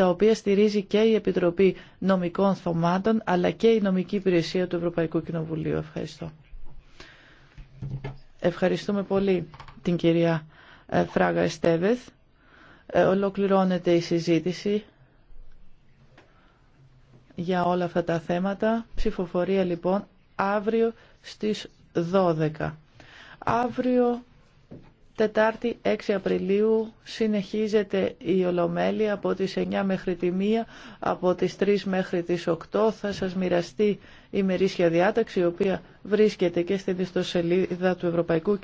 τα οποία στηρίζει και η Επιτροπή Νομικών Θωμάτων αλλά και η Νομική Υπηρεσία του Ευρωπαϊκού Κοινοβουλίου. Ευχαριστώ. Ευχαριστούμε πολύ την κυρία ε, Φράγα Εστέβεθ. Ε, ολοκληρώνεται η συζήτηση για όλα αυτά τα θέματα. Ψηφοφορία λοιπόν αύριο στις 12. Αύριο Τετάρτη 6 Απριλίου συνεχίζεται η Ολομέλεια από τις 9 μέχρι τη 1, από τις 3 μέχρι τις 8. Θα σας μοιραστεί η μερίσια διάταξη, η οποία βρίσκεται και στην ιστοσελίδα του Ευρωπαϊκού